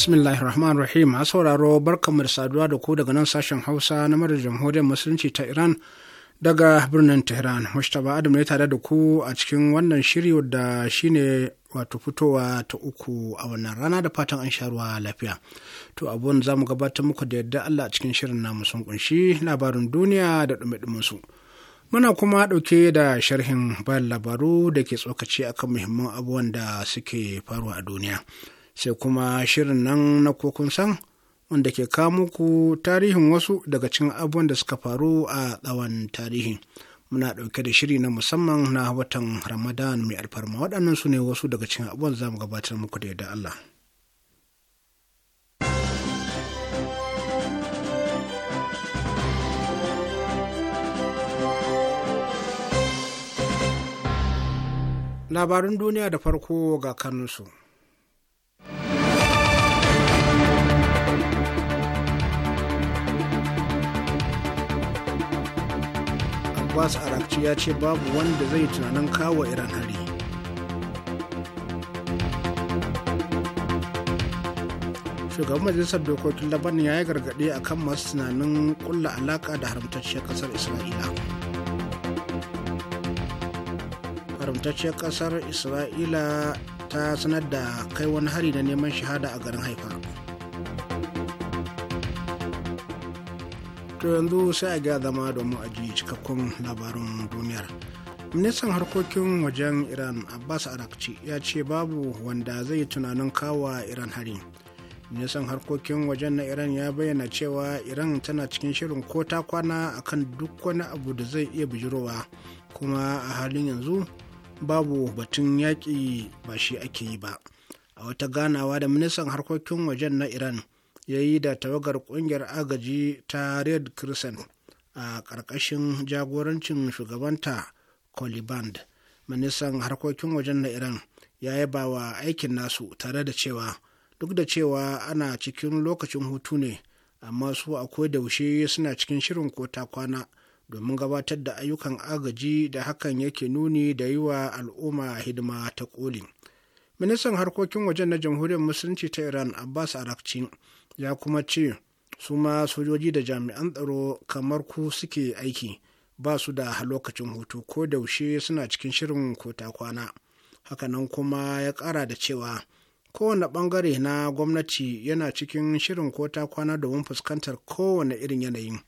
bismillahir rahmanir rahim a sauraro barkanmu da saduwa da ku daga nan sashen hausa na marar jamhuriyar musulunci ta iran daga birnin tehran mustapha adam ne tare da ku a cikin wannan shiri da shine wato fitowa ta uku a wannan rana da fatan an sharuwa lafiya to abun za mu gabatar muku da yadda allah a cikin shirin namu sun kunshi labarin duniya da dumi su muna kuma ɗauke da sharhin bayan labaru da ke tsokaci akan muhimman abubuwan da suke faruwa a duniya sai kuma shirin nan na kokun san wanda ke kawo muku tarihin wasu daga cikin abubuwan da suka faru a tsawon tarihi muna ɗauke da shiri na musamman na watan ramadan mai alfarma waɗannan su ne wasu daga cikin abubuwan zamu mu gabatar muku da yadda allah Labarin duniya da farko ga kanunsu abbas arakci ya ce babu wanda zai tunanin kawo iran hari shugaban majalisar dokokin Laban ya yi gargaɗi a kan masu tunanin kulla alaka da haramtacciyar ƙasar isra'ila haramtacciyar ƙasar isra'ila ta sanar da kai wani hari na neman shahada a garin haifa to yanzu sai a ga zama domin a ji cikakkun labarin duniyar ministan harkokin wajen iran abbas arakci ya ce babu wanda zai tunanin kawa iran hari ministan harkokin wajen na iran ya bayyana cewa iran tana cikin shirin ko ta kwana akan duk wani abu da zai iya bijirowa kuma a halin yanzu babu batun yaƙi ba shi ake yi ba a wata ganawa da ministan harkokin wajen na iran ya yi da tawagar ƙungiyar agaji ta red crescent a ƙarƙashin jagorancin shugabanta coliband ministan harkokin wajen na iran ya yabawa wa aikin nasu tare da cewa duk da cewa ana cikin lokacin hutu ne amma su akwai daushe suna cikin shirin ko kwana domin gabatar da ayyukan agaji da hakan yake nuni da yi wa al'umma hidima ta koli ministan harkokin wajen na jamhuriyar musulunci ta iran abbas arakci ya kuma ce su ma sojoji da jami'an tsaro kamar ku suke aiki ba su da lokacin hutu ko daushe suna cikin shirin kota kwana hakanan kuma ya kara da cewa kowane bangare na gwamnati yana cikin shirin kota kwana domin fuskantar kowane irin yanayin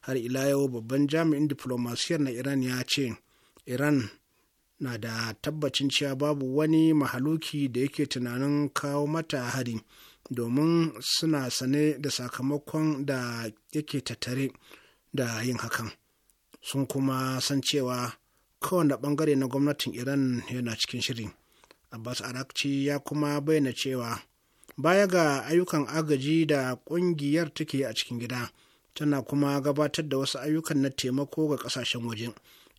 har ila yau babban jami'in diplomasiyar na iran ya ce iran na da tabbacin cewa babu wani mahaluki da yake tunanin kawo mata hari domin suna sane da sakamakon da yake tattare da yin hakan sun kuma san cewa kowane bangare na gwamnatin iran yana cikin shiri abbas arakci ya kuma bayyana cewa baya ga ayyukan agaji da kungiyar take a cikin gida tana kuma gabatar da wasu ayyukan na taimako ga kasashen waje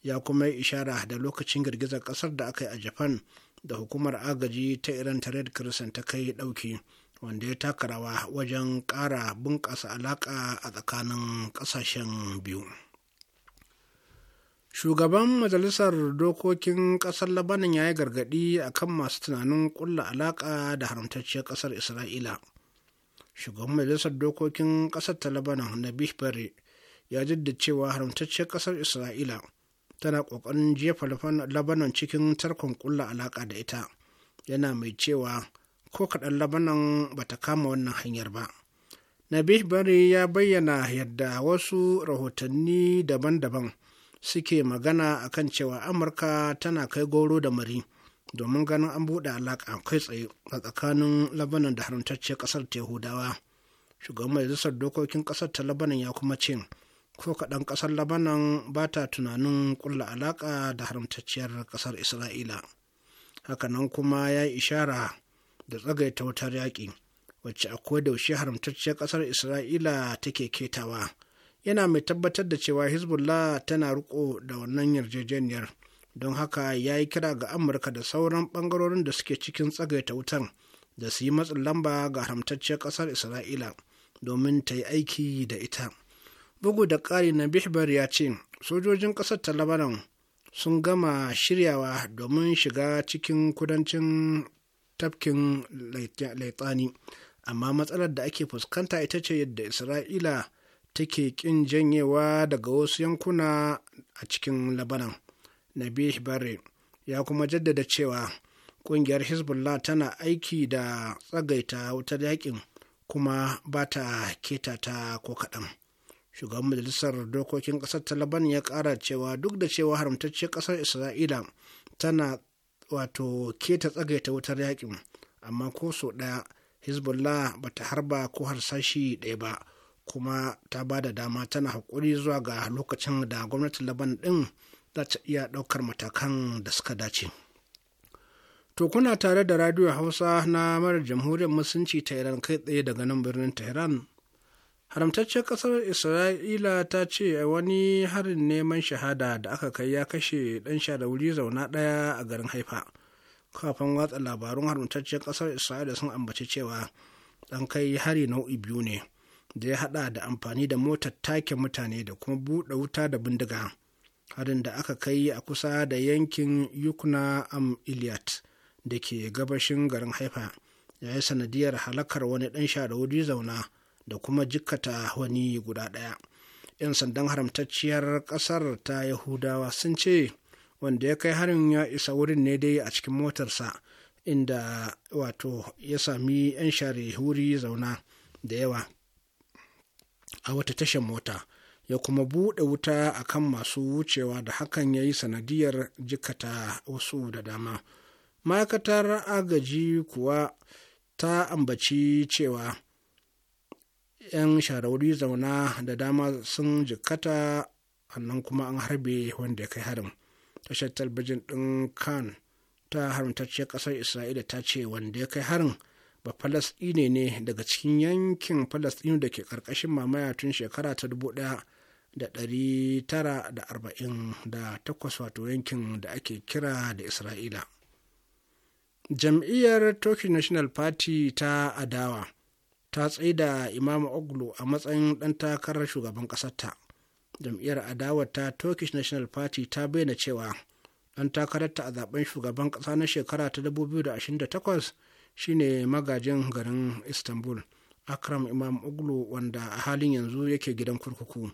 ya kuma yi ishara da lokacin girgizar kasar da aka yi a japan da hukumar agaji ta iran ta red crescent ta kai dauki wanda ya taka rawa wajen ƙara bunƙasa alaƙa a tsakanin ƙasashen biyu shugaban majalisar dokokin ƙasar labanin ya yi gargaɗi a kan masu tunanin ƙulla alaƙa da haramtacciyar ƙasar isra'ila shugaban majalisar dokokin ƙasar ta labanin na bihbari ya jidda cewa haramtacciyar ƙasar isra'ila tana ƙoƙarin jefa labanan cikin tarkon ƙulla alaƙa da ita yana mai cewa ko kaɗan labanan ba ta kama wannan hanyar ba nabih bari ya bayyana yadda wasu rahotanni daban-daban suke magana a kan cewa amurka tana kai goro da mari domin ganin an buɗe alaƙa kai tsaye a tsakanin labanan da haramtacciyar ƙasar ta yahudawa shugaban majalisar dokokin ƙasar ta labanan ya kuma ce ko kaɗan ƙasar labanan ba ta tunanin ƙulla alaƙa da haramtacciyar ƙasar isra'ila hakanan kuma ya ishara da tsagaita wutar yaƙi wacce a daushe haramtacciyar ƙasar isra'ila take ketawa yana mai tabbatar da cewa hezbollah tana riko da wannan yarjejeniyar don haka ya yi kira ga amurka da sauran ɓangarorin da suke cikin tsagaita wutar da su yi matsin lamba ga haramtacciyar ƙasar isra'ila domin ta yi aiki da ita bugu da ƙari na bihbar ya ce sojojin ƙasar ta sun gama shiryawa domin shiga cikin kudancin tafkin laitsani amma matsalar da ake fuskanta ita ce yadda isra'ila take kin janyewa daga wasu yankuna a cikin labanan nabi bare ya kuma jaddada cewa kungiyar hezbollah tana aiki da tsagaita wutar yakin kuma ba ta keta ta ko kaɗan shugaban majalisar dokokin ƙasar ta laban ya ƙara cewa duk da cewa haramtacce ƙasar isra'ila tana wato keta tsagaita wutar yakin amma ko sau ɗaya hezbollah ba ta harba ko harsashi ɗaya ba kuma ta ba da dama tana haƙuri zuwa ga lokacin da gwamnatin laban ɗin za ta iya ɗaukar matakan da suka dace to kuna tare da radio hausa na marar jamhuriyar musulunci ta iran kai tsaye daga nan birnin tehran haramtaccen ƙasar isra'ila ta ce wani harin neman shahada da aka kai ya kashe ɗan sha wuri zauna ɗaya a garin haifa kafin watsa labarun haramtaccen ƙasar isra'ila sun ambaci cewa ɗan kai hari nau'i biyu ne da ya haɗa da amfani da motar take mutane da kuma buɗe wuta da bindiga harin da aka kai a kusa da yankin Yukuna am iliyat da ke gabashin garin haifa ya yi sanadiyar halakar wani ɗan sha wuri zauna da kuma jikkata wani guda ɗaya 'yan sandan haramtacciyar ƙasar ta yahudawa sun ce wanda ya kai harin ya isa wurin ne dai a cikin motarsa inda wato ya sami 'yan share wuri zauna da yawa a wata tashar mota ya kuma buɗe wuta a kan masu wucewa da hakan ya yi sanadiyar jikata wasu da dama ma'aikatar agaji kuwa ta ambaci cewa 'yan sharauri zauna da dama sun jikkata annan kuma an harbe wanda ya kai harin tashar talbijin ɗin kan ta haramtacciyar ƙasar isra'ila ta ce wanda ya kai harin ba falasɗine ne daga cikin yankin falasɗinu da ke ƙarƙashin mamaya tun shekara ta dubu ɗaya da ɗari tara da arba'in da takwas wato yankin da ake kira da isra'ila jam'iyyar turkish national party ta adawa ta tsaida imama oglu a matsayin ɗan takarar shugaban ƙasarta jam'iyyar adawar ta turkish national party ta bayyana cewa ɗan takararta a zaben shugaban ƙasa na shekara ta 2028 shine magajin garin istanbul akram imam oglu wanda a halin yanzu yake gidan kurkuku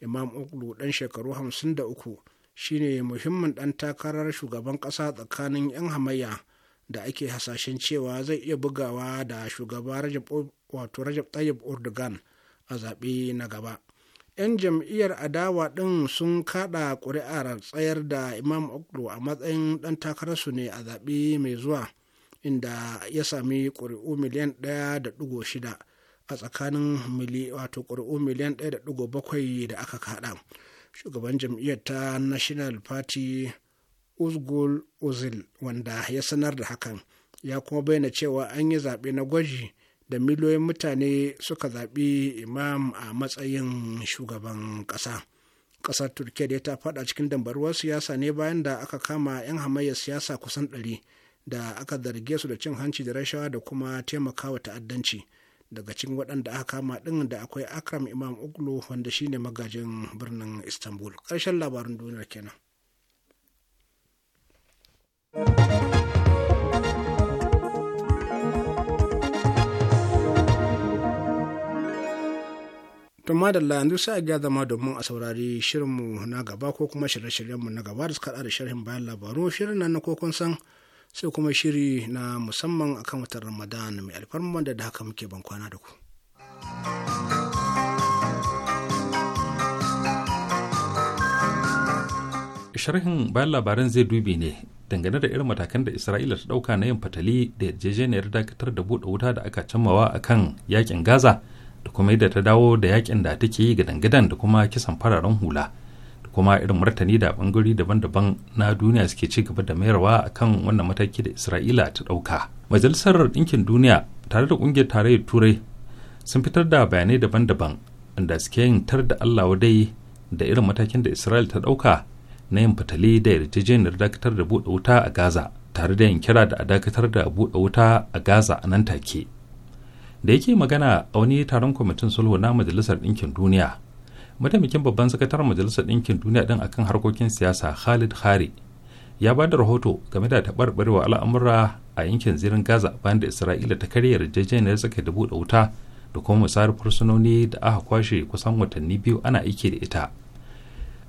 imam oglu ɗan shekaru 53 shine muhimmin ɗan takarar shugaban ƙasa tsakanin 'yan hamayya da ake hasashen cewa zai iya bugawa da shugaba wato rajab tayyib erdogan a zaɓe na gaba 'yan jam'iyyar adawa ɗin sun kaɗa ƙuri'ar tsayar da imam oglu a matsayin ɗan takararsu ne a zaɓe mai zuwa inda ya sami ƙuri'u miliyan ɗaya da ɗigo shida a tsakanin wato ƙuri'u miliyan ɗaya da ɗigo bakwai da aka kaɗa shugaban jam'iyyar ta national party uzgul uzil wanda ya sanar da hakan ya kuma bayyana cewa an yi zaɓe na gwaji da miliyoyin mutane suka zaɓi imam a matsayin shugaban ƙasa ƙasar turkiyya dai ta faɗa cikin dambaruwar siyasa ne bayan da aka kama 'yan hamayyar siyasa kusan ɗari da aka zarge su da cin hanci da rashawa da kuma taimakawa ta'addanci daga cikin waɗanda aka kama ɗin da akwai akram imam uglu wanda shine magajin birnin istanbul ƙarshen labarin duniyar kenan To madalla yanzu sai a ga zama domin a saurari shirinmu na gaba ko kuma shirye-shiryenmu na gaba da suka da sharhin bayan labaru shirin nan na kokon san sai kuma shiri na musamman akan watan Ramadan mai alfarma da da haka muke bankwana da ku. Sharhin bayan labaran zai dubi ne dangane da irin matakan da isra'ila ta dauka na yin fatali da yarjejeniyar dakatar da buɗe wuta da aka cimmawa a kan yakin gaza da kuma yadda ta dawo da yakin da take yi ga dangadan da kuma kisan fararen hula da kuma irin martani da bangarori daban-daban na duniya suke ci gaba da mayarwa a kan wannan mataki da isra'ila ta dauka majalisar ɗinkin duniya tare da ƙungiyar tarayyar turai sun fitar da bayanai daban-daban inda suke yin tar da allah wadai da irin matakin da isra'ila ta dauka na yin fitali da yarjejeniyar dakatar da buɗe wuta a gaza tare da yin kira da a dakatar da buɗe wuta a gaza a nan take da yake magana a wani taron kwamitin sulhu na majalisar ɗinkin duniya mataimakin babban sakataren majalisar ɗinkin duniya ɗin akan harkokin siyasa khalid hari ya ba da rahoto game da taɓarɓarewa al'amura a yankin zirin gaza bayan da isra'ila ta karya yarjejeniyar tsaka da buɗe wuta da kuma musayar fursunoni da aka kwashe kusan watanni biyu ana aiki da ita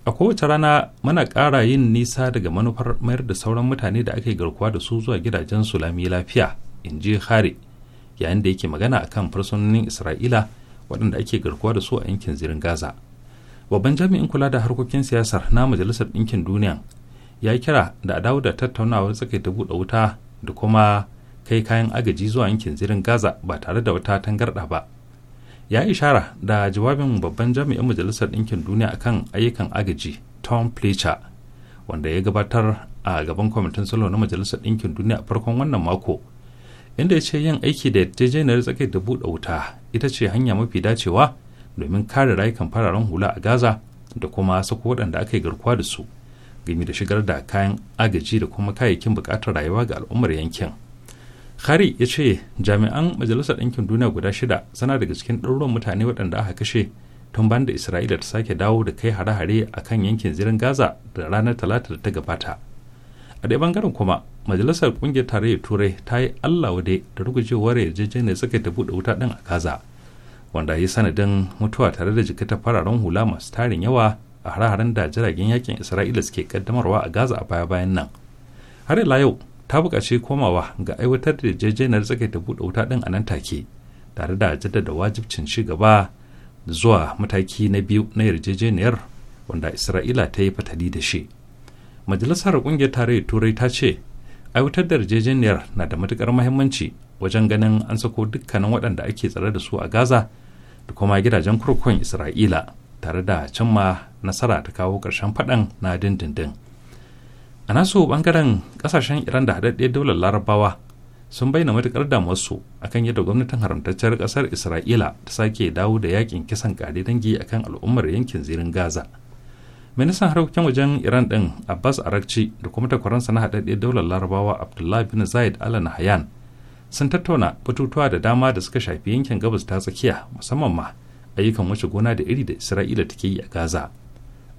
a kowace rana muna kara yin nisa daga manufar mayar da sauran mutane da ake garkuwa da su zuwa gidajen su lami lafiya in ji hari yayin da yake magana akan fursunonin isra'ila waɗanda ake garkuwa da su a yankin zirin gaza babban jami'in kula da harkokin siyasar na majalisar ɗinkin duniya ya kira da a dawo da tattaunawar tsakaita buɗe wuta da kuma kai kayan agaji zuwa yankin zirin gaza ba tare da wata tangarɗa ba ya ishara da jawabin babban jami'in majalisar ɗinkin duniya akan ayyukan agaji tom fletcher wanda ya gabatar a gaban kwamitin salo na majalisar ɗinkin duniya a farkon wannan mako inda ya ce yin aiki da yarjejeniyar tsakiyar da buɗe wuta ita ce hanya mafi dacewa domin kare rayukan fararen hula a gaza da kuma sako waɗanda aka yi garkuwa da su game da shigar da kayan agaji da kuma kayayyakin buƙatar rayuwa ga al'ummar yankin Khari ya ce jami'an Majalisar Ɗinkin Duniya guda shida sana daga cikin ɗaruruwan mutane waɗanda aka kashe tun ban da Isra'ila ta sake dawo da kai hare-hare a kan yankin zirin Gaza da ranar Talata da ta gabata. A ɗaya bangaren kuma Majalisar Ƙungiyar Tarayyar Turai ta yi Allah wade da rugujewar da suka ta buɗe wuta ɗin a Gaza wanda ya sanadin mutuwa tare da jikita fararen hula masu tarin yawa a hare-haren da jiragen yakin Isra'ila suke kaddamarwa a Gaza a baya-bayan nan. Har ila yau ta buƙaci komawa ga aiwatar da yarjejeniyar tsakaita buɗe wuta ɗin a nan take tare da jaddada wajibcin ci gaba zuwa mataki na biyu na yarjejeniyar wanda isra'ila ta yi fatali da shi majalisar ƙungiyar tarayyar turai ta ce aiwatar da yarjejeniyar na da matukar mahimmanci wajen ganin an sako dukkanin waɗanda ake tsare da su a gaza da kuma gidajen kurkukun isra'ila tare da cimma nasara ta kawo ƙarshen faɗan na dindindin. a nasu bangaren kasashen iran da haɗaɗɗiyar daular larabawa sun bayyana matukar damuwarsu akan yadda gwamnatin haramtacciyar kasar isra'ila ta sake dawo da yakin kisan kare dangi akan al'ummar yankin zirin gaza ministan harkokin wajen iran din abbas arakci da kuma takwaransa na haɗaɗɗiyar daular larabawa abdullahi bin zayed al nahyan sun tattauna batutuwa da dama da suka shafi yankin gabas ta tsakiya musamman ma ayyukan wace gona da iri da isra'ila take yi a gaza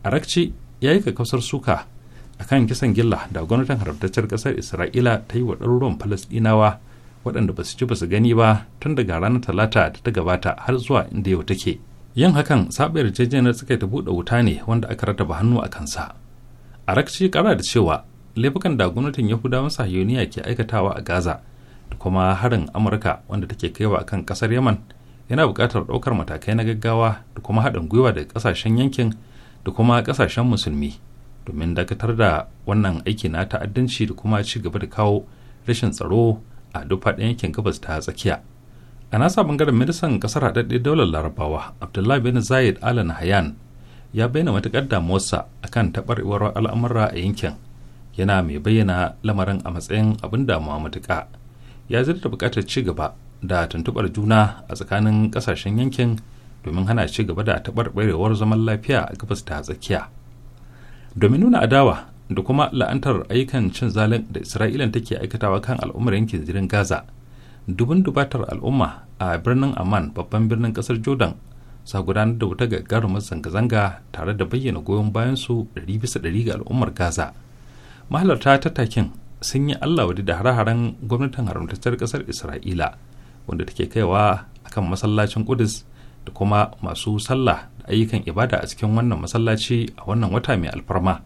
arakci ya yi kakkausar suka akan kisan gilla da gwamnatin haramtaccen kasar isra'ila ta yi wa ɗaruruwan falasɗinawa waɗanda ba su ci ba su gani ba tun daga ranar talata da ta gabata har zuwa inda yau take yin hakan saɓa na suka ta buɗe wuta ne wanda aka rataba hannu a kansa a rakci kara da cewa laifukan da gwamnatin yahudawan sahiyoniya ke aikatawa a gaza da kuma harin amurka wanda take kaiwa akan ƙasar yaman yana buƙatar ɗaukar matakai na gaggawa da kuma haɗin gwiwa daga ƙasashen yankin da kuma ƙasashen musulmi domin dakatar da wannan aiki na ta'addanci da kuma ci gaba da kawo rashin tsaro a duk faɗin yankin gabas ta tsakiya a nasa bangaren ministan kasar haɗaɗɗe daular larabawa abdullahi bin zayed alan hayan ya bayyana matuƙar damuwarsa akan taɓarɓarewar al'amura a yankin yana mai bayyana lamarin a matsayin abin damuwa matuƙa ya zarta buƙatar ci gaba da tuntuɓar juna a tsakanin ƙasashen yankin domin hana ci gaba da taɓarɓarewar zaman lafiya a gabas ta tsakiya domin nuna adawa da kuma la'antar ayyukan cin zalin da isra'ilan take aikatawa kan al'ummar yankin zirin gaza dubin dubatar al'umma a birnin amman babban birnin kasar jordan sa gudanar da wuta gagarumar zanga-zanga tare da bayyana goyon bayan su 100% ga al'ummar gaza mahalarta ta takin sun yi allah wadi da hare-haren gwamnatin haramtacciyar kasar isra'ila wanda take kaiwa akan masallacin kudus da kuma masu sallah ayyukan ibada a cikin wannan masallaci a wannan wata mai alfarma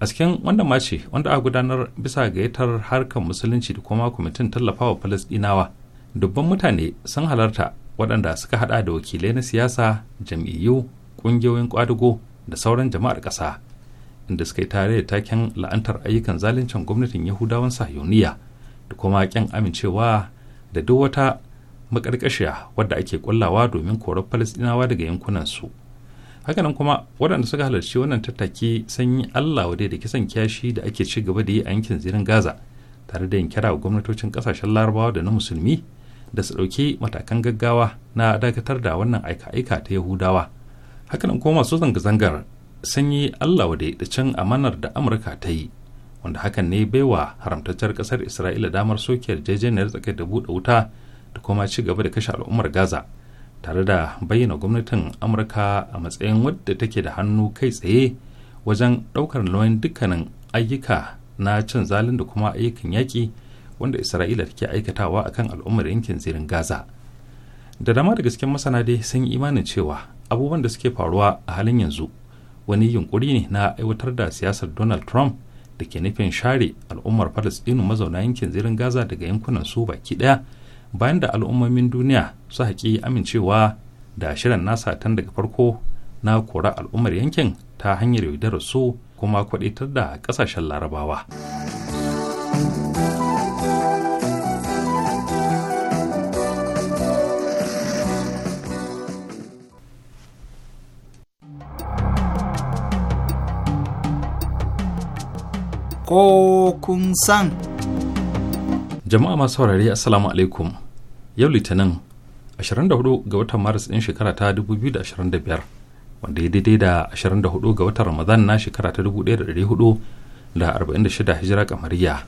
a cikin wanda mace wanda a gudanar bisa gayyatar harkar musulunci da kuma kwamitin tallafawa falasdinawa dubban mutane sun halarta waɗanda suka haɗa da wakilai na siyasa jam'iyyu ƙungiyoyin ƙwadago da sauran jama'ar ƙasa inda suka yi tare da taken la'antar ayyukan zaluncin gwamnatin yahudawan sahiyoniya da kuma ƙyan amincewa da duk wata makarkashiya wadda ake kullawa domin korar falasɗinawa daga yankunansu hakanan kuma waɗanda suka halarci wannan tattaki sun yi allah wadai da kisan kiyashi da ake ci gaba da yi a yankin zirin gaza tare da yin kira wa gwamnatocin ƙasashen larabawa da na musulmi da su ɗauki matakan gaggawa na dakatar da wannan aika-aika ta yahudawa hakanan kuma masu zanga-zangar sun yi allah wadai da can amanar da amurka ta yi wanda hakan ne baiwa haramtacciyar ƙasar isra'ila damar soke yarjejeniyar tsakar da buɗe wuta da kuma ci gaba da kashe al'ummar gaza tare da bayyana gwamnatin amurka a matsayin wadda take da hannu kai tsaye wajen ɗaukar nauyin dukkanin ayyuka na cin zalin da kuma ayyukan yaƙi wanda isra'ila take aikatawa a kan al'ummar yankin zirin gaza da dama da gaske masana dai sun yi imanin cewa abubuwan da suke faruwa a halin yanzu wani yunkuri ne na aiwatar da siyasar donald trump da ke nufin share al'ummar palestinu mazauna yankin zirin gaza daga yankunan su baki daya bayan da al'ummomin duniya su haƙi amincewa da shirin nasa tun daga farko na kora al'ummar yankin ta hanyar yaudarar su kuma kwaɗitar da ƙasashen larabawa. Ko kun san. Jama'a masu saurari Assalamu alaikum. yau litinin 24 ga watan maris ɗin shekara ta 2025 wanda ya daidai da 24 ga watan ramadan na shekara ta 1446 hijira kamariya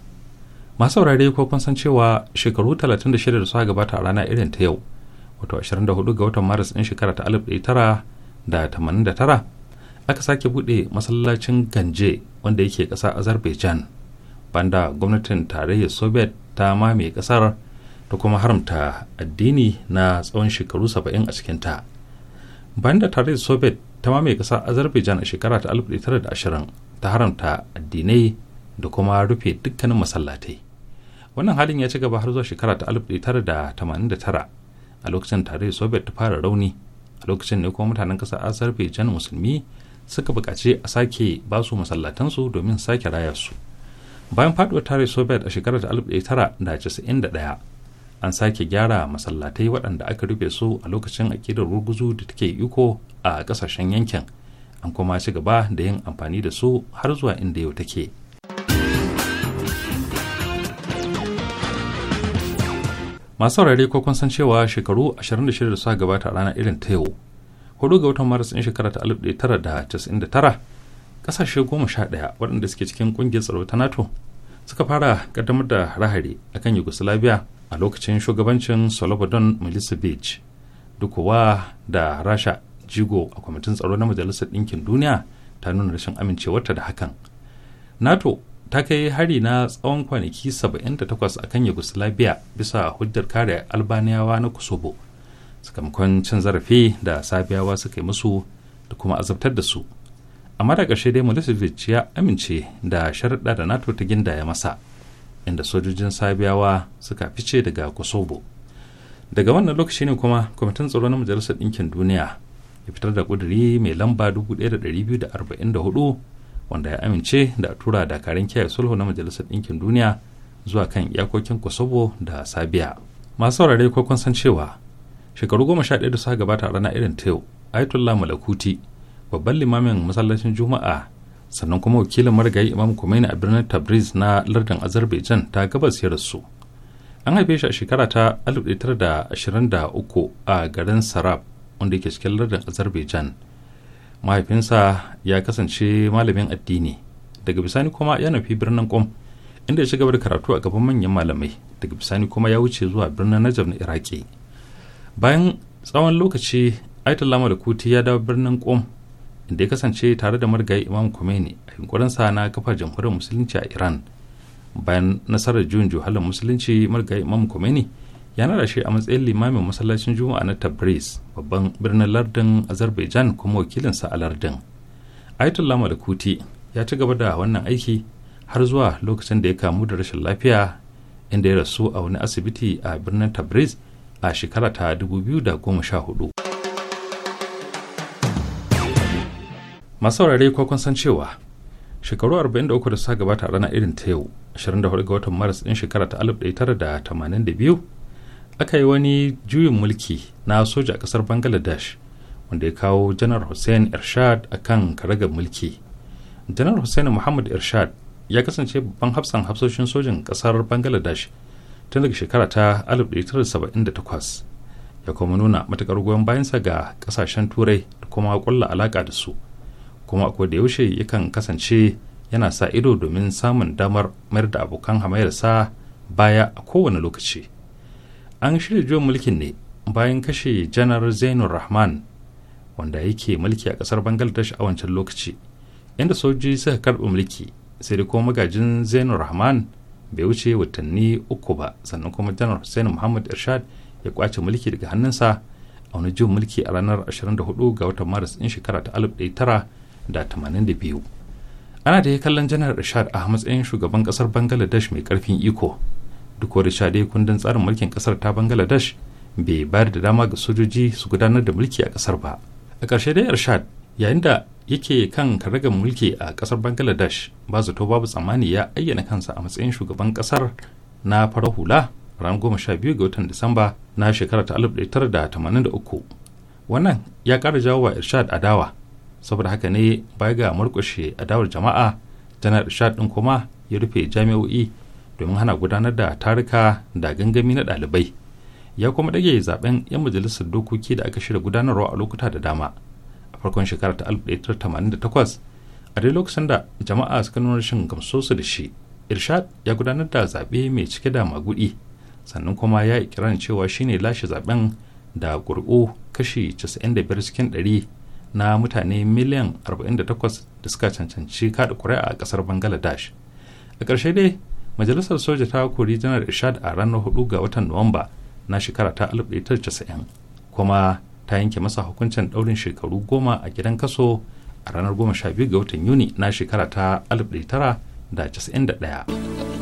masu wurare ko kun san cewa shekaru 36 da suka gabata a rana irin ta yau wato 24 ga watan maris ɗin shekara ta 1989 aka sake buɗe masallacin ganje wanda yake ƙasa azerbaijan banda gwamnatin tarayyar soviet ta mamaye ƙasar da kuma haramta addini na tsawon shekaru saba'in a cikinta bayan da da soviet ta mamaye kasar azerbaijan a shekara ta 1920 ta haramta addinai da kuma rufe dukkanin masallatai wannan halin ya ci gaba har zuwa shekara ta 1989 a lokacin da soviet ta fara rauni a lokacin ne kuma mutanen kasar azerbaijan musulmi suka buƙaci a sake ba su masallatansu domin sake rayarsu bayan faduwar tare soviet a shekarar 1991 an sake gyara masallatai waɗanda aka rufe su a lokacin akidar ruguzu da take iko a ƙasashen yankin an kuma ci gaba da yin amfani da su har zuwa inda yau take masu saurare ko kun san cewa shekaru 26 da suka gabata rana irin ta yau hudu ga watan maris in shekara ta 1999 kasashe goma sha ɗaya waɗanda suke cikin ƙungiyar tsaro ta nato suka fara kaddamar da rahari akan yugoslavia a lokacin shugabancin solobodon milicevic dukuwa da rasha jigo a kwamitin tsaro na majalisar ɗinkin duniya ta nuna rashin amincewarta da hakan nato ta kai hari na tsawon kwanaki 78 a kan yugoslavia bisa hujjar kare albaniyawa na kosovo sakamakon cin zarafi da sabiyawa suka yi musu da kuma azabtar da su amma da ƙarshe dai milosevic ya amince da sharaɗa da nato ta gindaya masa inda sojojin sabiyawa suka fice daga kosovo daga wannan lokaci ne kuma kwamitin tsaro na majalisar ɗinkin duniya ya fitar da ƙuduri mai lamba 1244 wanda ya amince da tura dakarun kiyaye sulhu na majalisar ɗinkin duniya zuwa kan iyakokin kosovo da sabiya masu saurare ko kun san cewa shekaru goma sha ɗaya da suka gabata a ranar irin ta yau ayatollah malakuti babban limamin masallacin juma'a sannan kuma wakilin marigayi imam Khomeini a birnin tabriz na lardin azerbaijan ta gabas ya rasu an haife shi a shekara ta 1923 a garin sarab wanda yake cikin lardin azerbaijan mahaifinsa ya kasance malamin addini daga bisani kuma ya nufi birnin kom inda ya gaba da karatu a gaban manyan malamai daga bisani kuma ya wuce zuwa birnin najaf na iraki bayan tsawon lokaci aitullah malakuti ya dawo birnin kom inda ya kasance tare da marigayi imam Khomeini a yunkurinsa na kafa jamhuriyar musulunci a iran bayan nasarar juyin juhalar musulunci marigayi imam Khomeini ya nada shi a matsayin limamin masallacin juma'a na tabriz babban birnin lardin azerbaijan kuma wakilinsa a lardin ayatollah kuti ya ci gaba da wannan aiki har zuwa lokacin da ya kamu da rashin lafiya inda ya rasu a wani asibiti a birnin tabriz a shekara ta hudu. masu saurare ko kun san cewa shekaru 43 da suka gabata a ranar irin ta yau 24 ga watan maris din shekara ta 1982 aka yi wani juyin mulki na soja a kasar bangladesh wanda ya kawo janar hussein irshad a kan karagar mulki janar hussein muhammad irshad ya kasance babban hafsan hafsoshin sojin kasar bangladesh tun daga shekara ta 1978 ya kuma nuna matakar goyon bayansa ga kasashen turai da kuma kulla alaka da su kuma a da yaushe yakan kasance yana sa ido domin samun damar mayar da abokan hamayarsa baya a kowane lokaci an shirya juyin mulkin ne bayan kashe janar zainul rahman wanda yake mulki a kasar bangladesh a wancan lokaci inda soji suka karɓi mulki sai dai kuma magajin zainul rahman bai wuce watanni uku ba sannan kuma janar hussein muhammad irshad ya kwace mulki daga hannunsa a wani jin mulki a ranar 24 ga watan maris din shekara ta tara. da 82 ana da ya kallon janar rashad a matsayin shugaban kasar bangladesh mai karfin iko duk da sha dai kundin tsarin mulkin kasar ta bangladesh bai bayar da dama ga sojoji su gudanar da mulki a kasar ba a ƙarshe dai rashad yayin da yake kan karagar mulki a kasar bangladesh ba zato babu tsammani ya ayyana kansa a matsayin shugaban kasar na fara hula ranar goma sha biyu ga watan disamba na shekara ta 1983 wannan ya ƙara jawo wa irshad adawa saboda haka ne baya ga murkushe adawar jama'a janar irshad din kuma ya rufe jami'o'i domin hana gudanar da tarika da gangami na ɗalibai ya kuma ɗage zaben 'yan majalisar dokoki da aka shirya gudanarwa a lokuta da dama a farkon shekarar ta 1988 a dai lokacin da jama'a suka nuna rashin gamsosu da shi irshad ya gudanar da zaɓe mai cike da magudi sannan kuma ya yi kiran cewa shine lashe zaben da ƙuri'u kashi 95 cikin 100 na mutane miliyan 48 da suka cancanci kada kuri'a a kasar bangladesh a ƙarshe dai majalisar soja ta kori janar ishad a ranar 4 ga watan nuwamba na shekara ta 1990 kuma ta yanke masa hukuncin ɗaurin shekaru goma a gidan kaso a ranar 12 ga watan yuni na shekara ta 1991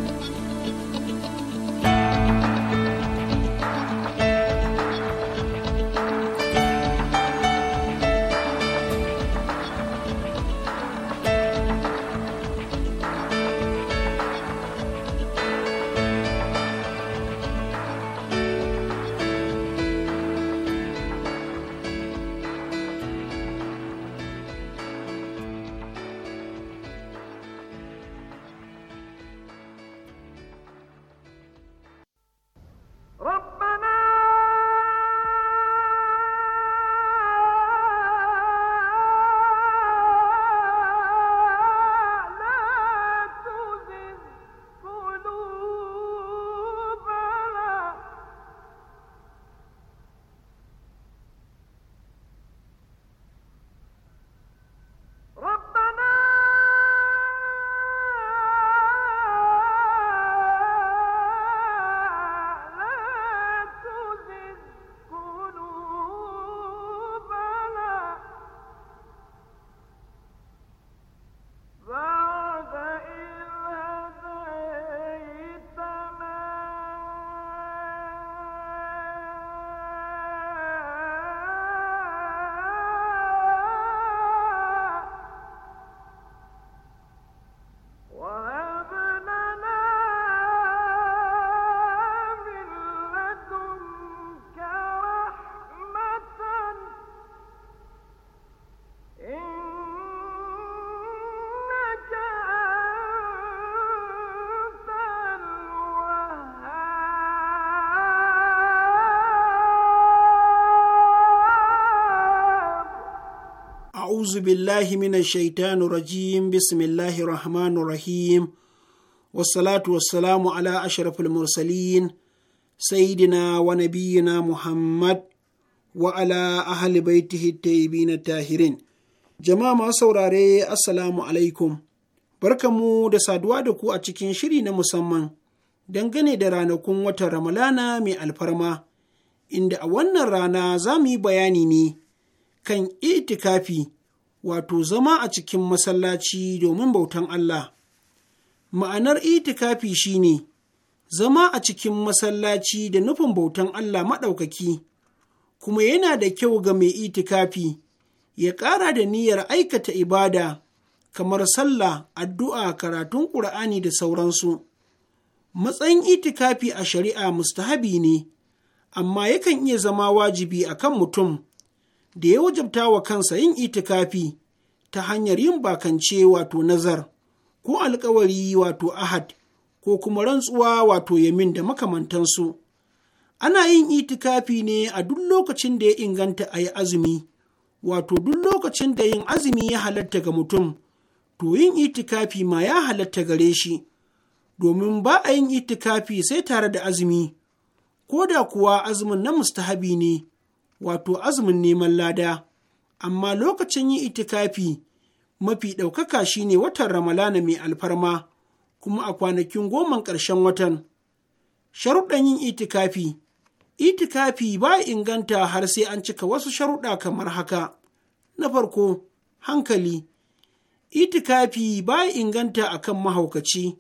أعوذ بالله من الشيطان الرجيم بسم الله الرحمن الرحيم والصلاة والسلام على أشرف المرسلين سيدنا ونبينا محمد وعلى أهل بيته الطيبين الطاهرين جماعة سوراري السلام عليكم barkamu da saduwa da ku a cikin shiri na musamman dangane da ranakun watan Ramalana mai alfarma, inda a wannan rana za mu yi bayani ne kan itikafi wato zama a cikin masallaci domin bautan Allah. Ma'anar itikafi shi ne zama a cikin masallaci da nufin bautan Allah maɗaukaki, kuma yana da kyau ga mai itikafi ya ƙara da niyyar aikata ibada kamar sallah, addu'a, karatun ƙur'ani da sauransu. Matsayin itikafi a shari'a mustahabi ne, amma yakan iya zama wajibi a kan mutum. da ya wajabta wa kansa yin itikafi ta hanyar yin bakance wato nazar ko alkawari wato ahad ko kuma rantsuwa wato yamin da makamantansu ana yin itikafi ne a duk lokacin da ya inganta a yi azumi wato duk lokacin da yin azumi ya halatta ga mutum to yin itikafi ma ya halatta gare shi domin ba a yin itikafi sai tare da azumi ko da kuwa azumin na mustahabi ne wato azumin neman lada amma lokacin yin itikafi mafi ɗaukaka shine watan ramalana mai alfarma kuma a kwanakin goman ƙarshen watan sharuɗan yin itikafi itikafi ba inganta har sai an cika wasu sharuɗa kamar haka na farko hankali itikafi ba inganta a kan mahaukaci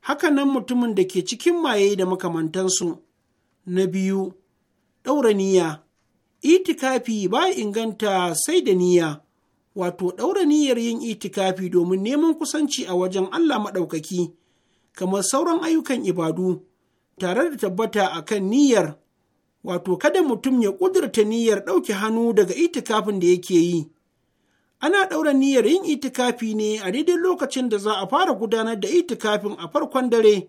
hakanan mutumin da ke cikin maye da makamantansu na biyu ɗaura niyya itikafi ba inganta sai da niyya wato ɗaura niyyar yin itikafi domin neman kusanci a wajen Allah maɗaukaki kamar sauran ayyukan ibadu tare da tabbata a kan niyyar wato kada mutum ya ƙudurta niyyar ɗauke hannu daga itikafin da yake yi ana ɗaura niyyar yin itikafi ne a daidai lokacin da za a fara gudanar da itikafin a farkon dare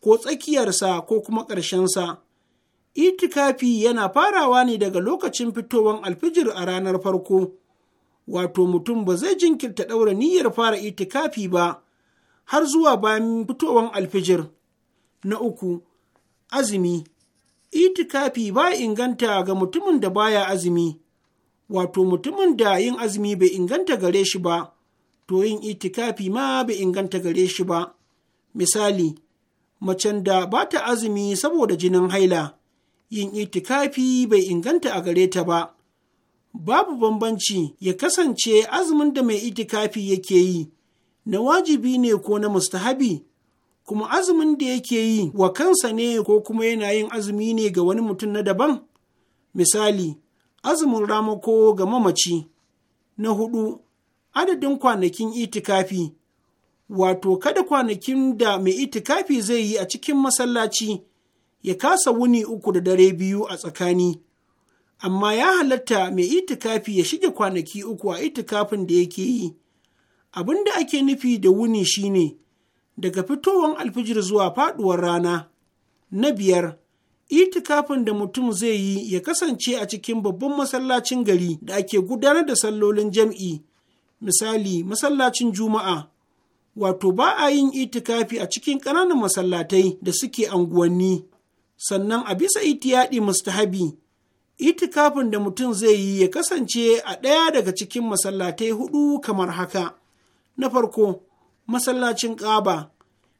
ko tsakiyarsa ko kuma ƙarshensa itikafi yana farawa ne daga lokacin fitowar alfijir a ranar farko wato mutum ba zai jinkirta ɗaura niyyar fara itikafi ba har zuwa bayan fitowar alfijir na uku azumi itikafi ba inganta ga mutumin da baya azumi wato mutumin da yin azumi bai inganta gare shi ba to yin itikafi ma bai inganta gare shi ba misali macen da ba ta azumi saboda jinin haila yin itikafi bai inganta a gare ta ba babu bambanci ya kasance azumin da mai itikafi yake yi na wajibi ne ko na mustahabi kuma azumin da yake yi wa kansa ne ko kuma yana yin azumi ne ga wani mutum na daban misali azumin ramako ga mamaci na hudu adadin kwanakin itikafi wato kada kwanakin da mai itikafi zai yi a cikin masallaci ya kasa wuni uku da dare biyu a tsakani amma ya halatta mai itikafi ya shige kwanaki uku a itikafin da yake yi abin da ake nufi da wuni shine daga fitowar alfijir zuwa faduwar rana na biyar itikafin da mutum zai yi ya kasance a cikin babban masallacin gari da ake gudanar da sallolin jam'i misali masallacin juma'a wato ba a yin itikafi a cikin ƙananan masallatai da suke anguwanni sannan a bisa itiyaɗi mustahabi itikafin da mutum zai yi ya kasance a ɗaya daga cikin masallatai hudu kamar haka na farko masallacin ƙaba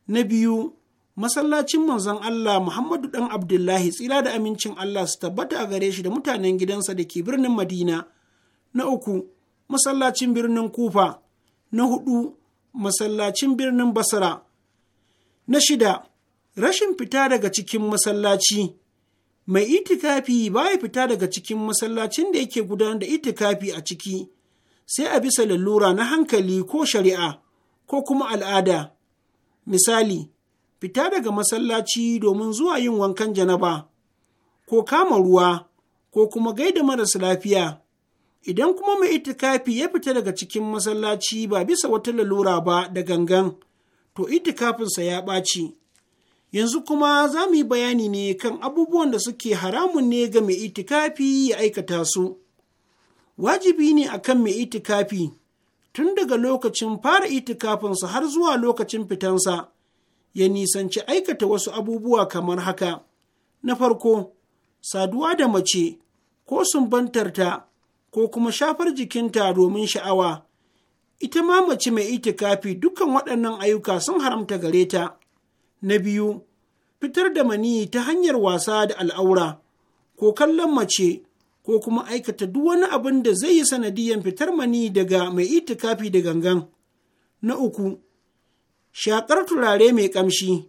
na biyu masallacin manzon Allah Muhammadu ɗan Abdullahi tsira da amincin Allah su tabbata a gare shi da mutanen gidansa da ke birnin Madina na uku masallacin birnin Kufa na hudu masallacin birnin Basra na shida rashin fita daga cikin masallaci mai itikafi baya fita daga cikin masallacin da yake gudanar da itikafi a ciki sai a bisa lalura na hankali ko shari'a ko kuma al'ada misali fita daga masallaci domin zuwa yin wankan janaba ko kama ruwa ko kuma gaida marasa lafiya idan kuma mai itikafi ya fita daga cikin masallaci ba bisa wata lalura ba da gangan to itikafinsa ya ɓaci Yanzu kuma za mu yi bayani ne kan abubuwan da suke haramun ne ga mai itikafi ya aikata su. Wajibi ne a kan mai itikafi, tun daga lokacin fara itikafinsa har zuwa lokacin fitansa, ya nisanci aikata wasu abubuwa kamar haka. Na farko, saduwa da mace, ko sumbantarta, ko kuma shafar jikinta domin sha'awa. Ita ma mace mai itikafi dukkan waɗannan ayyuka sun haramta gare ta. Na biyu, fitar da mani ta hanyar wasa da al'aura, ko kallon mace, ko kuma aikata duk wani abin da zai yi sanadiyan fitar mani daga mai itikafi da gangan. Na uku, shaƙar turare mai ƙamshi.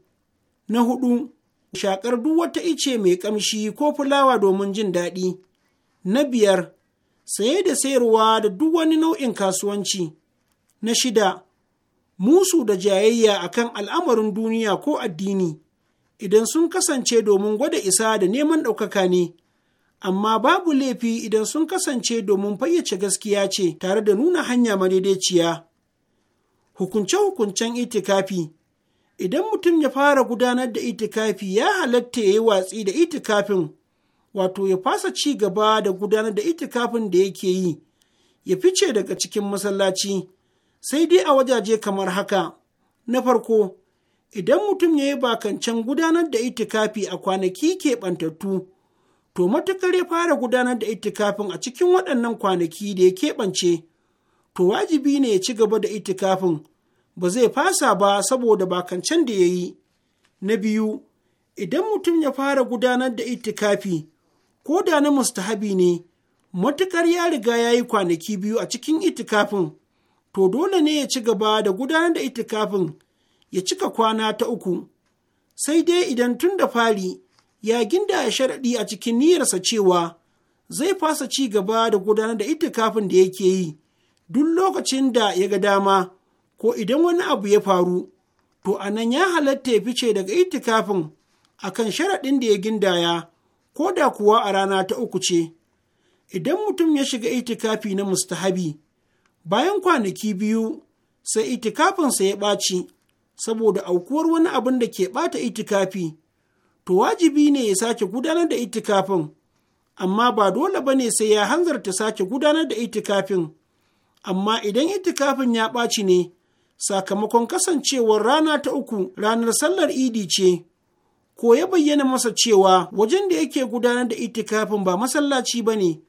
Na hudu, shaƙar duk wata ice mai ƙamshi ko fulawa domin jin daɗi. Na biyar, saye da sayarwa da duk wani nau'in kasuwanci. Na shida, musu da jayayya a kan al'amarin duniya ko addini idan sun kasance domin gwada isa da neman ɗaukaka ne amma babu laifi idan sun kasance domin fayyace gaskiya ce tare da nuna hanya madaidaiciya hukunce-hukuncen itikafi idan mutum ya fara gudanar da itikafi ya halatta ya yi watsi da itikafin wato ya fasa ci gaba da gudanar da itikafin da yake yi ya fice daga cikin masallaci sai dai a wajaje kamar haka na farko idan mutum ya yi bakancan gudanar da itikafi a kwanaki keɓantattu to matukar ya fara gudanar da itikafin a cikin waɗannan kwanaki da ya keɓance to wajibi ne ya ci gaba da itikafin ba zai fasa ba saboda bakancan da ya yi na biyu idan mutum ya fara gudanar da itikafi ko da na mustahabi ne matukar ya riga ya yi kwanaki biyu a cikin itikafin to dole ne ya ci gaba da gudanar da itikafin ya cika kwana ta uku, sai dai idan tun da fari ya ginda ya sharaɗi a cikin niyyarsa cewa zai fasa ci gaba da gudanar da itikafin da yake yi duk lokacin da ya ga dama ko idan wani abu ya faru, to anan ya halatta ya fice daga itikafin a kan sharaɗin da ya gindaya ko da kuwa a rana ta uku ce. Idan mutum ya shiga itikafi na mustahabi, bayan kwanaki biyu sai itikafinsa ya ɓaci saboda aukuwar wani abin da ke ɓata itikafi to wajibi ne ya sake gudanar da itikafin amma ba dole ba ne sai ya hanzarta sake gudanar da itikafin amma idan itikafin ya ɓaci ne sakamakon kasancewar rana ta uku ranar sallar idi ce ko ya bayyana masa cewa wajen da yake gudanar da itikafin ba masallaci ba ne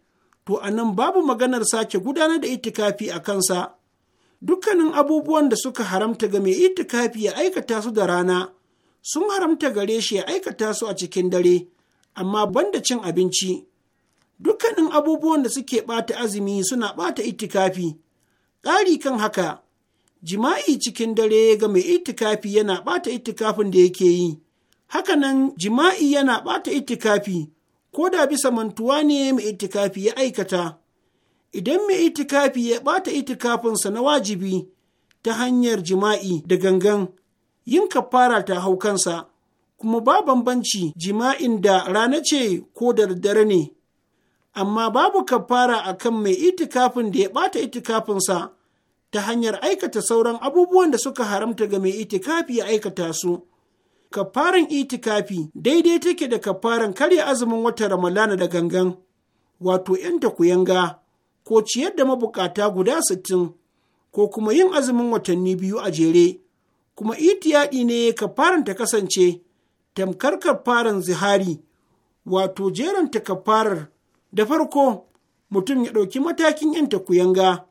to a nan babu maganar sake gudanar da itikafi a kansa. Dukkanin abubuwan da suka haramta ga mai itikafi ya aikata su da rana, sun haramta gare shi ya aikata su a cikin dare, amma banda cin abinci. Dukkanin abubuwan da suke ɓata azumi suna ɓata itikafi. Ƙari kan haka, jima'i cikin dare ga mai itikafi yana ɓata itikafin da yake yi. Hakanan jima'i yana ɓata itikafi. ko da bisa mantuwa ne mai itikafi ya aikata idan mai itikafi ya ɓata itikafinsa na wajibi ta hanyar jima'i da gangan yin kafara ta hau kansa kuma ba bambanci jima'in da rana ce ko da daddare ne amma babu kafara a kan mai itikafin da ya ɓata itikafinsa ta hanyar aikata sauran abubuwan da suka haramta ga mai itikafi ya aikata su kafaran itikafi daidai take da kafaran karya azumin watan ramadana da gangan wato yanta kuyanga ko ciyar da mabukata guda sittin ko kuma yin azumin watanni biyu a jere kuma itiyaɗi ne kafaran ta kasance tamkar kafaran zihari wato jeranta kafarar da farko mutum ya ɗauki matakin yanta kuyanga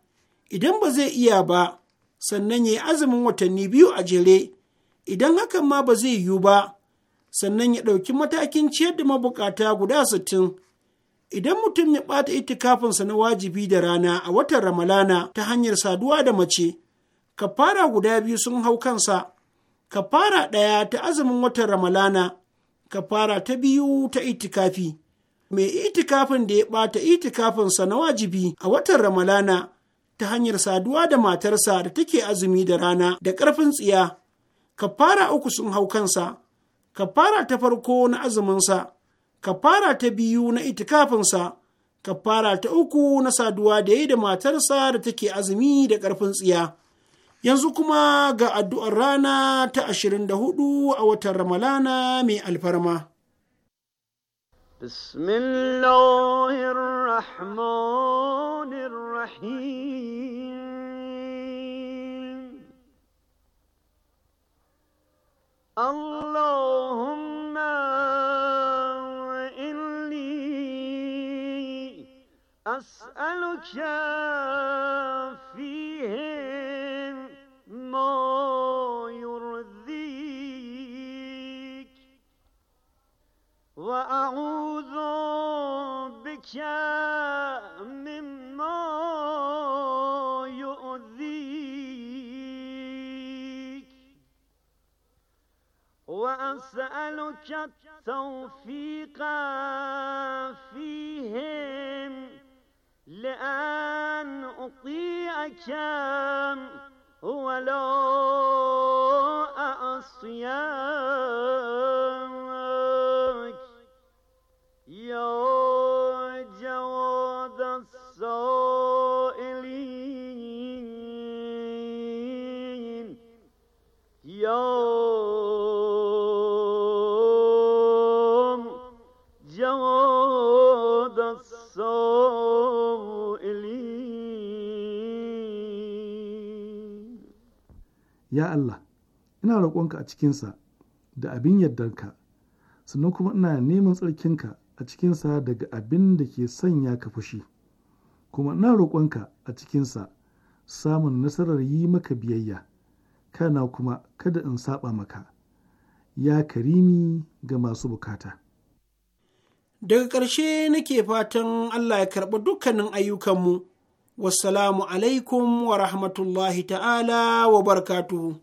idan ba zai iya ba sannan ya yi azumin watanni biyu a jere idan hakan ma ba zai yiwu ba sannan ya ɗauki matakin ciyar da mabukata guda sittin idan mutum ya ɓata itikafinsa na wajibi da rana a watan ramalana ta hanyar saduwa da mace kafara guda biyu sun hau kansa kafara ɗaya ta azumin watan ramalana kafara ta biyu ta itikafi mai itikafin da ya ɓata itikafinsa na wajibi a watan ramalana ta hanyar saduwa da matarsa da take azumi da rana da ƙarfin tsiya kafara uku sun hau kansa kafara ta farko na azuminsa kafara ta biyu na itikafinsa kafara ta uku na saduwa da yi da matarsa da take azumi da ƙarfin tsiya yanzu kuma ga addu'ar rana ta ashirin da hudu a watan ramalana mai alfarma بسم اللهم إني أسألك فيهم ما يرضيك وأعوذ بك مما وأسألك التوفيق فيهم لأن أطيعك ولو أصيام saƙonka a cikinsa da abin yardarka sannan kuma ina neman tsarkinka a cikinsa daga abin da ke sanya ka fushi kuma ina roƙonka a cikinsa samun nasarar yi maka biyayya kana kuma kada in saba maka ya karimi ga masu bukata daga ƙarshe nake fatan allah ya karɓi dukkanin ayyukanmu wassalamu alaikum wa rahmatullahi ta'ala wa barkatu.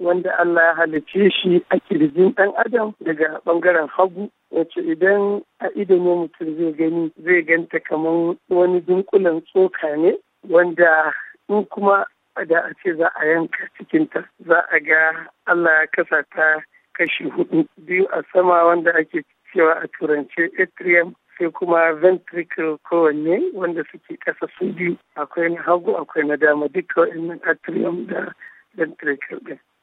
wanda Allah ya halice shi a kirjin ɗan adam daga ɓangaren hagu wacce idan a idon mutum zai gani zai ganta kamar wani dunkulen tsoka ne wanda in kuma da a ce za a yanka cikinta za a ga Allah ya kasa ta kashi hudu biyu a sama wanda ake cewa a turance atrium sai kuma ventricle kowanne wanda suke kasa su biyu akwai na hagu akwai na dama duka wa'annan atrium da ventricle din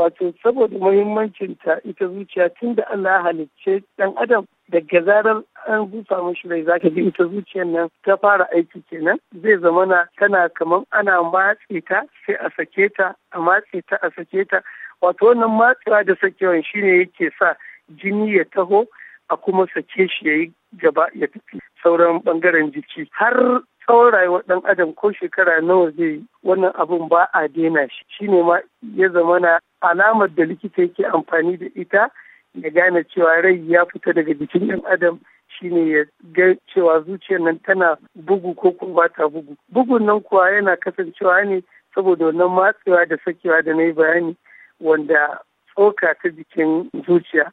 wato saboda ta ita zuciya tun da Allah ya halicce dan adam daga zarar an busa mashi rai zaka ji ita zuciyar nan ta fara aiki kenan zai zamana. na tana kamar ana matse ta sai a sake ta a matse ta a sake ta wato wannan matsewa da sakewan shine yake sa jini ya taho a kuma sake shi ya gaba ya tafi sauran bangaren jiki har tsawon rayuwar dan adam ko shekara nawa zai wannan abun ba a daina shi shine ma ya zama alamar da likita yake amfani da ita ya gane cewa rai ya fita daga jikin 'yan adam shine ya ga cewa zuciyar nan tana bugu ko kuma ba ta bugu bugun nan kuwa yana kasancewa ne saboda wannan matsewa da sakewa da na yi bayani wanda tsoka ta jikin zuciya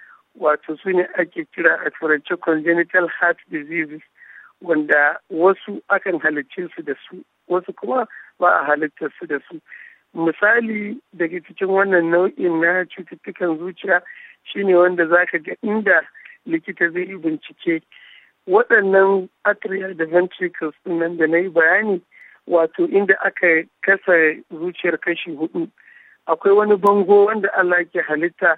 wato su ne ake kira a turance congenital heart diseases wanda wasu akan halicce su da su wasu kuma ba a halittar su da su misali daga cikin wannan nau'in na cututtukan zuciya shine wanda zaka ga inda likita zai yi bincike waɗannan atria da ventricles nan da na yi bayani wato inda aka kasa zuciyar kashi hudu akwai wani bango wanda Allah ke halitta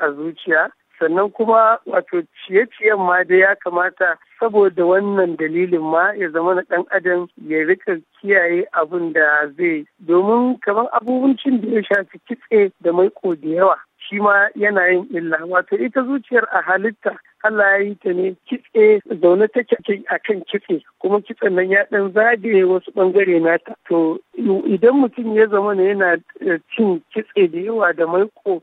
a zuciya sannan kuma wato ciye-ciyen ma dai ya kamata saboda wannan dalilin ma ya zama na ɗan adam ya rika kiyaye abin da zai domin kamar cin da ya shafi kitse da maiko da yawa shi ma yana yin illa wato ita zuciyar a halitta Allah ya yi ta ne kitse zaune take a kan kitse kuma kitsen nan ya ɗan zage wasu ɓangare nata to idan mutum ya zama yana eh, cin kitse da yawa da maiko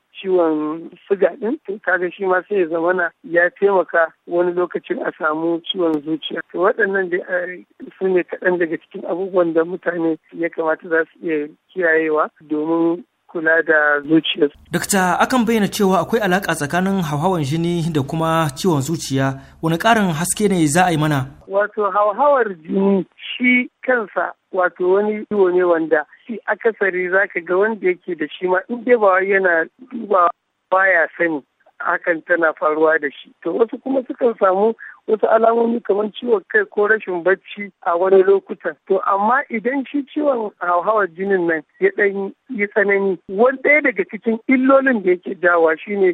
ciwon suga din to kaga shi ma sai ya zamana ya taimaka wani lokacin a samu ciwon zuciya to waɗannan da eh, su ne kaɗan daga cikin abubuwan da mutane ya kamata za su iya kiyayewa domin kula da zuciyarsu. Dokta akan bayyana cewa akwai alaƙa tsakanin hauhawar jini da kuma ciwon zuciya wani ƙarin haske ne za a yi mana. Wato hauhawar jini shi kansa wato wani ciwo ne wanda shi akasari ka ga wanda yake da shi ma in dai ba yana duba baya sani hakan tana faruwa da shi to wasu kuma sukan samu wasu alamomi kamar ciwon kai ko rashin bacci a wani lokutan to amma idan shi ciwon hauhawar jinin nan ya dan yi tsanani wani ɗaya daga cikin illolin da yake jawa shine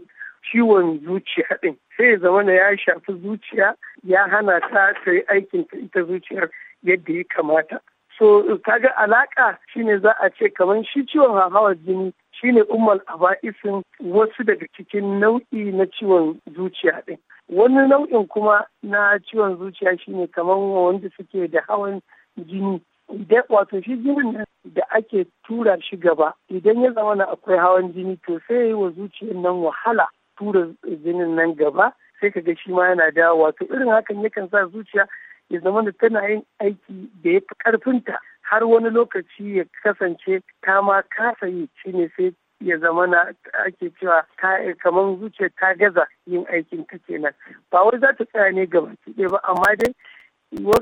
ciwon zuciya ɗin sai ya zama ya shafi zuciya ya hana ta ta yi aikin ta ita zuciyar yadda ya kamata so kaga alaka shine za a ce kamar shi ciwon hawar jini shine umar ummal aba'isin wasu daga cikin nau'i na ciwon zuciya din wani nau'in kuma na ciwon zuciya shine kamar wanda suke da hawan jini idan wato shi jinin da ake tura shi gaba idan ya zama akwai hawan jini to sai yi wa zuciyar nan wahala tura jinin nan gaba sai ka ga shi ma yana dawo wato irin hakan yakan sa zuciya ya zama da tana yin aiki da ya fi karfinta har wani lokaci ya kasance ta ma kasa yi shi ne sai ya zama na ake cewa ta kamar zuciya ta gaza yin aikin ta kenan ba wai za ta tsaya ne gaba ɗaya ba amma dai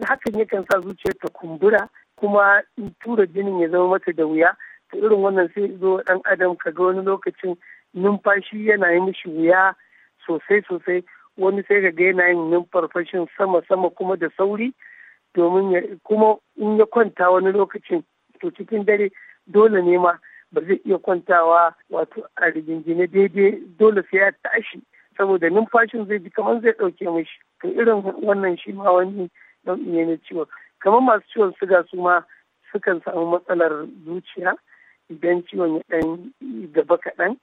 hakan yakan sa zuciyar ta kumbura kuma tura jinin ya zama mata da wuya ta irin wannan sai zo ɗan adam Ka ga wani lokacin numfashi yana yi mishi wuya sosai sosai wani sai ga yana yin numfarfashin sama-sama kuma da sauri domin kuma in ya kwanta wani lokacin to cikin dare dole ne ma ba zai iya kwantawa wato a rigingine daidai dole sai ya tashi saboda numfashin zai ji kamar zai dauke mishi to irin wannan shi ma wani nau'i ne na ciwon kamar masu ciwon suga su ma sukan samu matsalar zuciya idan ciwon ya dan gaba kaɗan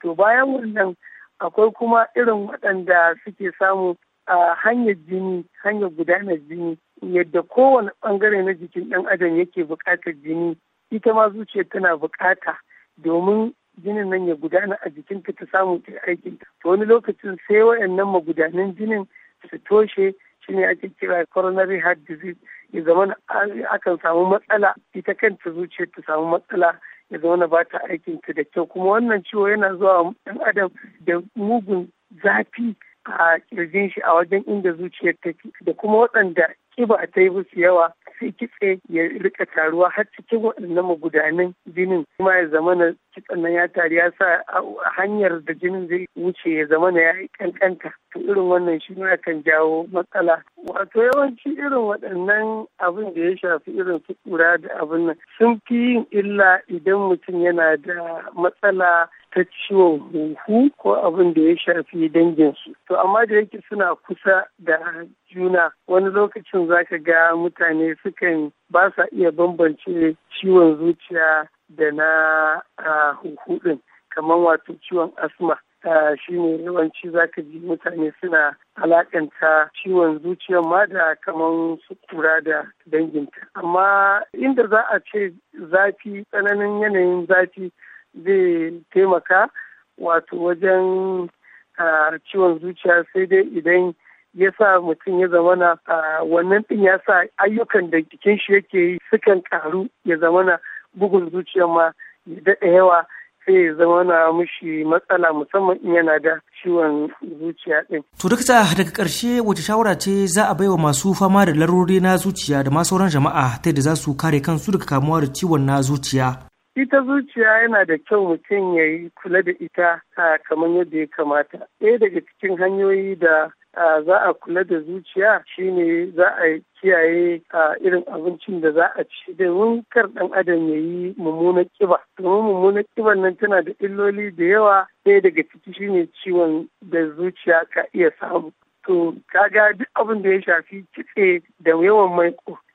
to bayan wannan akwai kuma irin waɗanda suke samu a hanyar jini hanyar gudanar jini yadda kowane ɓangare na jikin ɗan adam yake buƙatar jini ita ma zuciya tana buƙata domin jinin nan ya gudana a jikin ta ta samu ta aikin to wani lokacin sai wayannan magudanan jinin su toshe shine ake kira coronary heart disease ya zama akan samu matsala ita kanta zuciya ta samu matsala ya zauna ba ta aikin ta da kyau kuma wannan ciwo yana zuwa ɗan adam da mugun zafi a kirjin shi a wajen inda zuciyar take da kuma waɗanda kiba ta yi musu yawa sai kitse ya rika taruwa har cikin waɗannan magudanan jinin kuma ya zama kitsan nan ya tari ya sa a hanyar da jinin zai wuce ya zama na ya kankanta to irin wannan shi ne kan jawo matsala wato yawanci irin waɗannan abin da ya shafi irin su kura da abin nan sun fi yin illa idan mutum yana da matsala ta ciwon huhu ko abin da ya shafi danginsu to amma da yake suna kusa da juna wani lokacin zaka ga mutane sukan ba sa iya bambance ciwon zuciya da na huhudin kamar wato ciwon asma shi ne yawanci zaka ji mutane suna alakanta ciwon zuciya. ma da kamar su kura da danginta amma inda za a ce zafi tsananin yanayin zafi zai taimaka wato wajen ciwon zuciya sai dai idan ya sa mutum ya zamana wannan din ya sa ayyukan da jikin shi yake yi sukan karu ya zamana bugun zuciya ma daɗe yawa sai ya zama na mushi matsala musamman in yana da ciwon zuciya ɗin. To dakta daga ƙarshe wace shawara ce za a baiwa masu fama da larurori na zuciya da ma sauran jama'a ta da za su kare kansu daga kamuwa da ciwon na zuciya. Ita zuciya yana da kyau mutum ya yi kula da ita ah, kamar yadda ya kamata. Ɗaya daga cikin hanyoyi da za a kula da zuciya shine za a kiyaye a irin abincin da za a ci domin kar ɗan adam ya yi mummunan kiba domin mummunan kiban nan tana da illoli da yawa Sai daga ciki shine ciwon da zuciya ka iya samu to kaga duk abin da ya shafi kitse da yawan maiko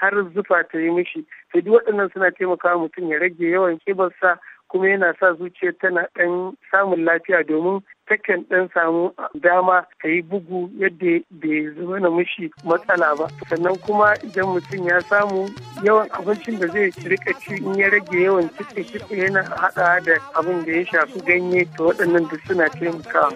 har zufa ta yi mishi to duk waɗannan suna taimaka mutum ya rage yawan kibarsa kuma yana sa zuciya tana ɗan samun lafiya domin takan ɗan samu dama ka yi bugu yadda bai zama na mushi matsala ba sannan kuma idan mutum ya samu yawan abincin da zai rika ci in ya rage yawan kitse kitse yana haɗa da abin da ya shafi ganye to waɗannan duk suna taimakawa.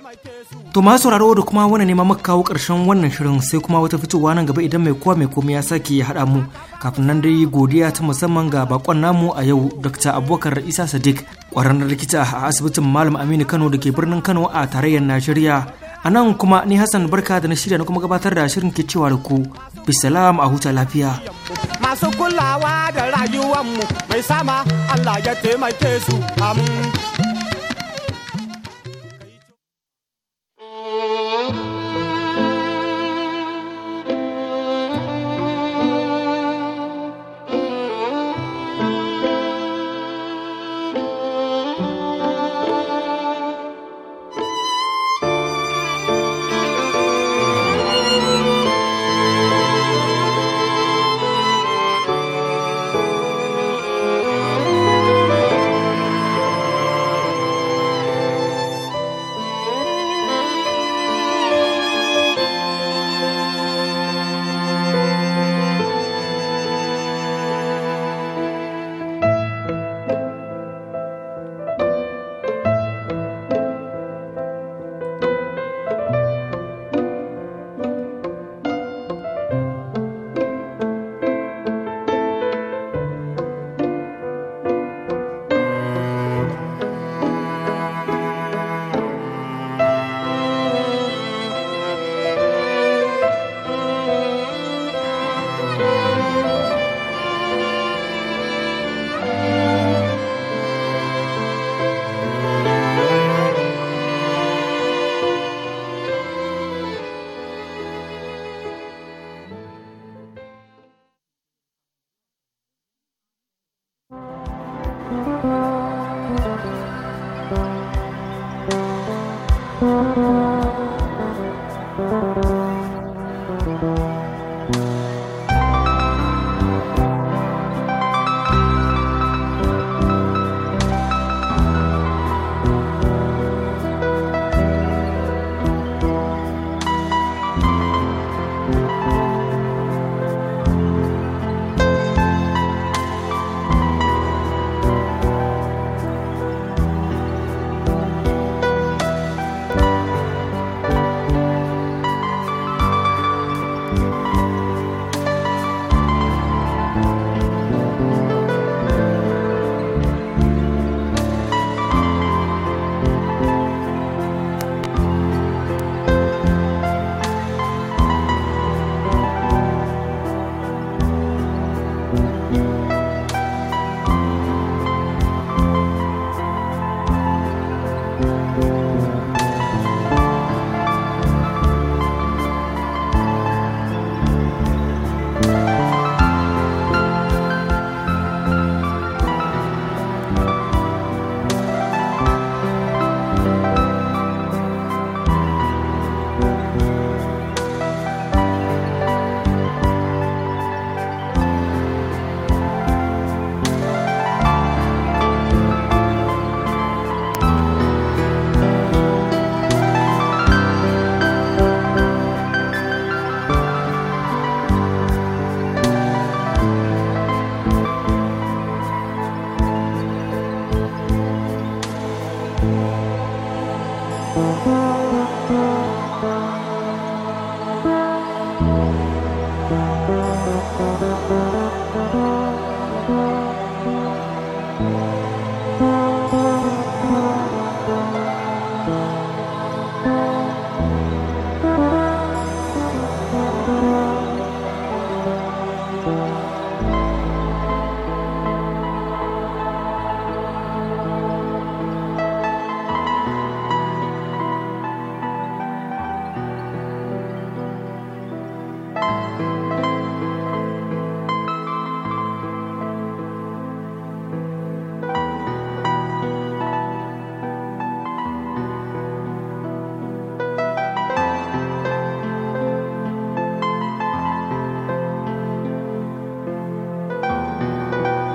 To ma sauraro da kuma wani neman maka kawo ƙarshen wannan shirin sai kuma wata fitowa nan gaba idan mai kowa mai komai ya sake ya haɗa mu kafin nan dai godiya ta musamman ga bakon namu a yau Dr. Abubakar Isa Sadiq ƙwararren likita a asibitin Malam Aminu Kano da ke birnin Kano a a tarayyar Najeriya. A nan kuma ni Hassan Barka da na shirya na kuma gabatar da shirin ke cewa da ku bisalam a huta lafiya. Masu kulawa da rayuwanmu mai sama Allah ya taimake su amin.